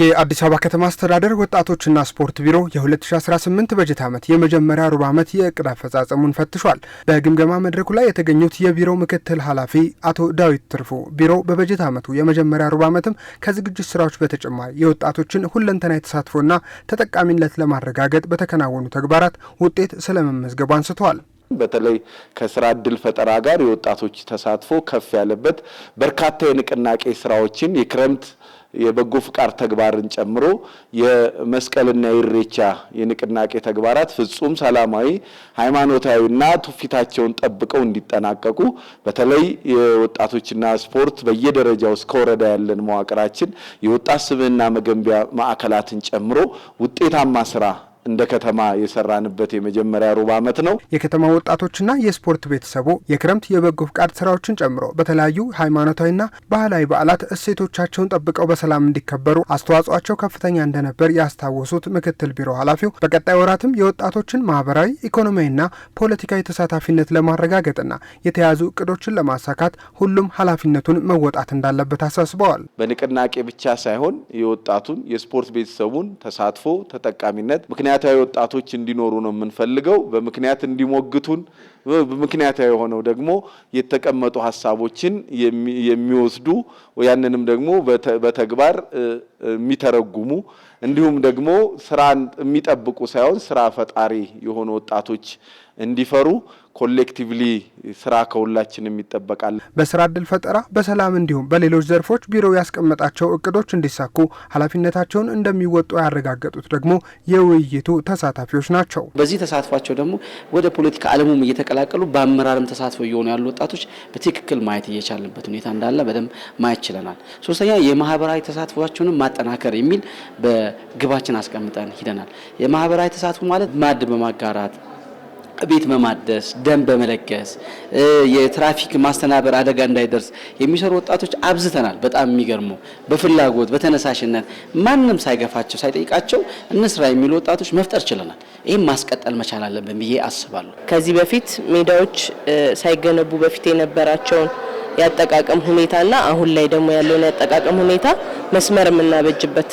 የአዲስ አበባ ከተማ አስተዳደር ወጣቶችና ስፖርት ቢሮ የ2018 በጀት ዓመት የመጀመሪያ ሩብ ዓመት የእቅድ አፈጻጸሙን ፈትሿል። በግምገማ መድረኩ ላይ የተገኙት የቢሮው ምክትል ኃላፊ አቶ ዳዊት ትርፉ ቢሮው በበጀት ዓመቱ የመጀመሪያ ሩብ ዓመትም ከዝግጅት ስራዎች በተጨማሪ የወጣቶችን ሁለንተናዊ ተሳትፎና ተጠቃሚነት ለማረጋገጥ በተከናወኑ ተግባራት ውጤት ስለመመዝገቡ አንስተዋል። በተለይ ከስራ እድል ፈጠራ ጋር የወጣቶች ተሳትፎ ከፍ ያለበት በርካታ የንቅናቄ ስራዎችን የክረምት የበጎ ፍቃድ ተግባርን ጨምሮ የመስቀልና የኢሬቻ የንቅናቄ ተግባራት ፍጹም ሰላማዊ፣ ሃይማኖታዊና ትውፊታቸውን ጠብቀው እንዲጠናቀቁ በተለይ የወጣቶችና ስፖርት በየደረጃው እስከ ወረዳ ያለን መዋቅራችን የወጣት ስብዕና መገንቢያ ማዕከላትን ጨምሮ ውጤታማ ስራ እንደ ከተማ የሰራንበት የመጀመሪያ ሩብ ዓመት ነው። የከተማ ወጣቶችና የስፖርት ቤተሰቡ የክረምት የበጎ ፍቃድ ስራዎችን ጨምሮ በተለያዩ ሃይማኖታዊና ባህላዊ በዓላት እሴቶቻቸውን ጠብቀው በሰላም እንዲከበሩ አስተዋጽኦቸው ከፍተኛ እንደነበር ያስታወሱት ምክትል ቢሮ ኃላፊው በቀጣይ ወራትም የወጣቶችን ማህበራዊ፣ ኢኮኖሚያዊና ፖለቲካዊ ተሳታፊነት ለማረጋገጥና የተያዙ እቅዶችን ለማሳካት ሁሉም ኃላፊነቱን መወጣት እንዳለበት አሳስበዋል። በንቅናቄ ብቻ ሳይሆን የወጣቱን የስፖርት ቤተሰቡን ተሳትፎ ተጠቃሚነት ምክንያት ምክንያታዊ ወጣቶች እንዲኖሩ ነው የምንፈልገው። በምክንያት እንዲሞግቱን፣ ምክንያታዊ የሆነው ደግሞ የተቀመጡ ሀሳቦችን የሚወስዱ ያንንም ደግሞ በተግባር የሚተረጉሙ እንዲሁም ደግሞ ስራን የሚጠብቁ ሳይሆን ስራ ፈጣሪ የሆኑ ወጣቶች እንዲፈሩ ኮሌክቲቭሊ ስራ ከሁላችንም ይጠበቃል። በስራ እድል ፈጠራ፣ በሰላም እንዲሁም በሌሎች ዘርፎች ቢሮው ያስቀመጣቸው እቅዶች እንዲሳኩ ኃላፊነታቸውን እንደሚወጡ ያረጋገጡት ደግሞ የውይይቱ ተሳታፊዎች ናቸው። በዚህ ተሳትፏቸው ደግሞ ወደ ፖለቲካ ዓለሙም እየተቀላቀሉ በአመራርም ተሳትፎ እየሆኑ ያሉ ወጣቶች በትክክል ማየት እየቻልንበት ሁኔታ እንዳለ በደንብ ማየት ችለናል። ሶስተኛ የማህበራዊ ተሳትፏቸውንም ማጠናከር የሚል በግባችን አስቀምጠን ሂደናል። የማህበራዊ ተሳትፎ ማለት ማዕድ በማጋራት ቤት በማደስ ደም በመለገስ የትራፊክ ማስተናበር አደጋ እንዳይደርስ የሚሰሩ ወጣቶች አብዝተናል። በጣም የሚገርሙ በፍላጎት በተነሳሽነት ማንም ሳይገፋቸው ሳይጠይቃቸው እንስራ የሚሉ ወጣቶች መፍጠር ችለናል። ይህም ማስቀጠል መቻል አለብን ብዬ አስባለሁ። ከዚህ በፊት ሜዳዎች ሳይገነቡ በፊት የነበራቸውን የአጠቃቀም ሁኔታና አሁን ላይ ደግሞ ያለውን የአጠቃቀም ሁኔታ መስመር የምናበጅበት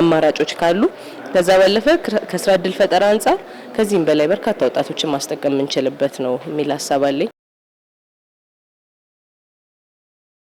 አማራጮች ካሉ ከዛ ባለፈ ከስራ እድል ፈጠራ አንጻር ከዚህም በላይ በርካታ ወጣቶችን ማስጠቀም የምንችልበት ነው የሚል ሀሳብ አለኝ።